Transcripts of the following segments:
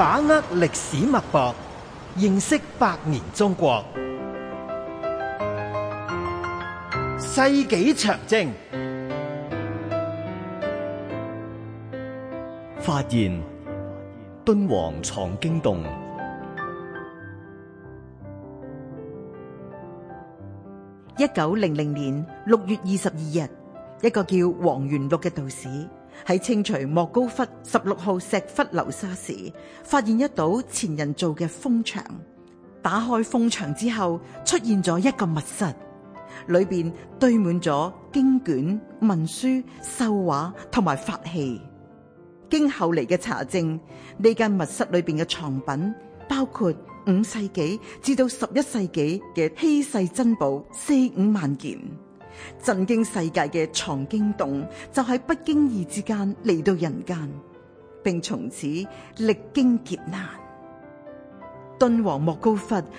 把握歷史脈搏，認識百年中國。世紀長征，發現敦煌藏經洞。一九零零年六月二十二日，一個叫王元祿嘅道士，喺清除莫高窟十六號石窟流沙時，發現一堵前人做嘅封牆。打開封牆之後，出現咗一個密室，裏邊堆滿咗經卷、文書、繡畫同埋法器。經後嚟嘅查證，呢間密室裏邊嘅藏品包括五世紀至到十一世紀嘅稀世珍寶四五萬件。震驚世界嘅藏經洞就喺不經意之間嚟到人間，並從此歷經劫難。敦煌莫高窟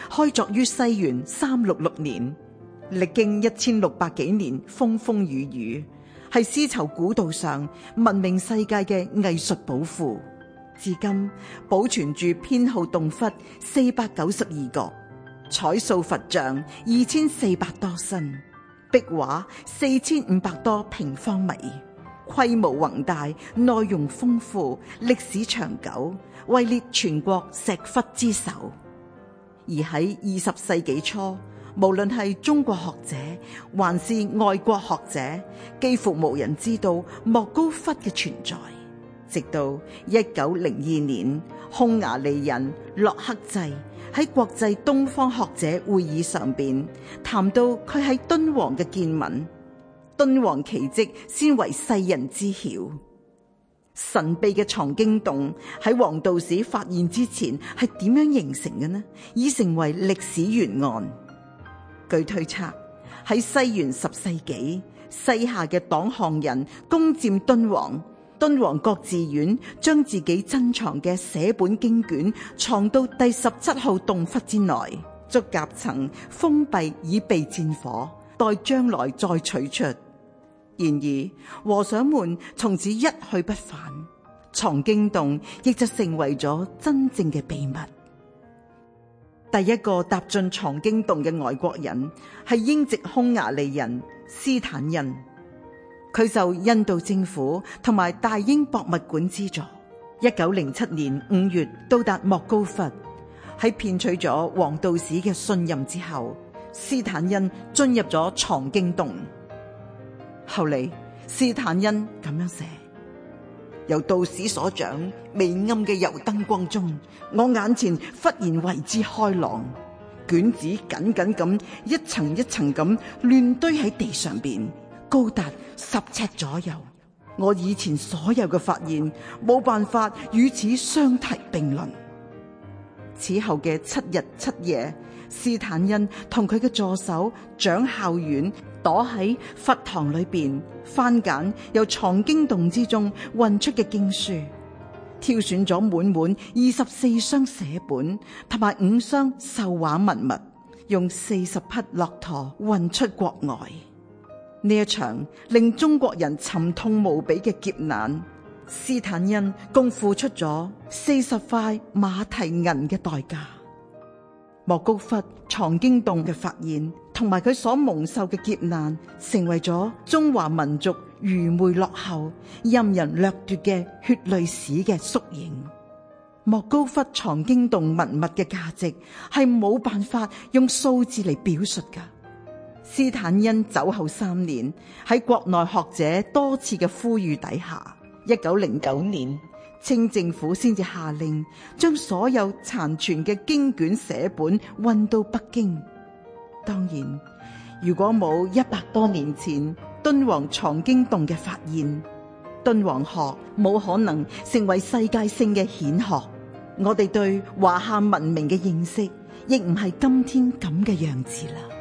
開鑿於西元三六六年，歷經一千六百幾年風風雨雨，係絲綢古道上文明世界嘅藝術寶庫，至今保存住編號洞窟四百九十二個，彩塑佛像二千四百多身。壁畫四千五百多平方米，規模宏大，內容豐富，歷史長久，位列全國石窟之首。而喺二十世紀初，無論係中國學者還是外國學者，幾乎無人知道莫高窟嘅存在。直到一九零二年，匈牙利人洛克濟。喺國際東方學者會議上邊，談到佢喺敦煌嘅見聞，敦煌奇蹟先為世人知曉。神秘嘅藏經洞喺王道士發現之前係點樣形成嘅呢？已成為歷史懸案。據推測，喺西元十世紀，西夏嘅黨項人攻佔敦煌。敦煌國寺院將自己珍藏嘅寫本經卷藏到第十七號洞窟之內，足夾層封閉，以避戰火，待將來再取出。然而和尚們從此一去不返，藏經洞亦就成為咗真正嘅秘密。第一個踏進藏經洞嘅外國人係英籍匈牙利人斯坦因。佢受印度政府同埋大英博物館資助，一九零七年五月到達莫高窟，喺騙取咗王道士嘅信任之後，斯坦因進入咗藏經洞。後嚟斯坦因咁樣寫：由道士所掌微暗嘅油燈光中，我眼前忽然為之開朗，卷子緊緊咁一層一層咁亂堆喺地上邊。高達十尺左右，我以前所有嘅發現冇辦法與此相提並論。此後嘅七日七夜，斯坦因同佢嘅助手蔣孝遠躲喺佛堂裏邊翻揀由藏經洞之中運出嘅經書，挑選咗滿滿二十四箱寫本，同埋五箱繡畫文物，用四十匹駱駝運出國外。呢一場令中國人沉痛無比嘅劫難，斯坦因共付出咗四十塊馬蹄銀嘅代價。莫高窟藏經洞嘅發現，同埋佢所蒙受嘅劫難，成為咗中華民族愚昧落後、任人掠奪嘅血淚史嘅縮影。莫高窟藏經洞文物嘅價值係冇辦法用數字嚟表述噶。斯坦因走後三年，喺國內學者多次嘅呼籲底下，一九零九年，清政府先至下令將所有殘存嘅經卷寫本運到北京。當然，如果冇一百多年前敦煌藏經洞嘅發現，敦煌學冇可能成為世界性嘅顯學，我哋對華夏文明嘅認識亦唔係今天咁嘅樣子啦。